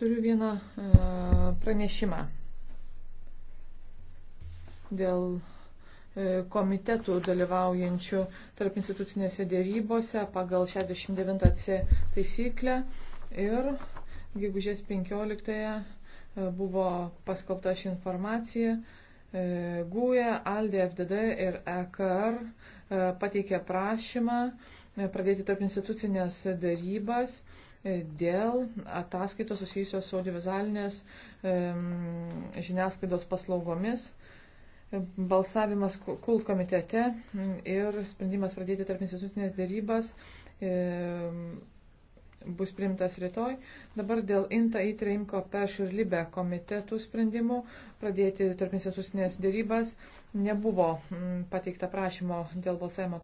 Turiu vieną e, pranešimą dėl e, komitetų dalyvaujančių tarp institucinėse dėrybose pagal 69C taisyklę ir gegužės 15 e, buvo paskelbta ši informacija. GUE, ALDE, FDD ir EKR pateikė prašymą E, pradėti tarp institucinės darybas e, dėl ataskaitos susijusios su audiovizualinės e, žiniasklaidos paslaugomis. Balsavimas kult komitete ir sprendimas pradėti tarp institucinės darybas bus primtas rytoj. Dabar dėl INTA įtreimko peš ir libe komitetų sprendimų pradėti tarp institucinės dėrybas nebuvo pateikta prašymo dėl balsavimo.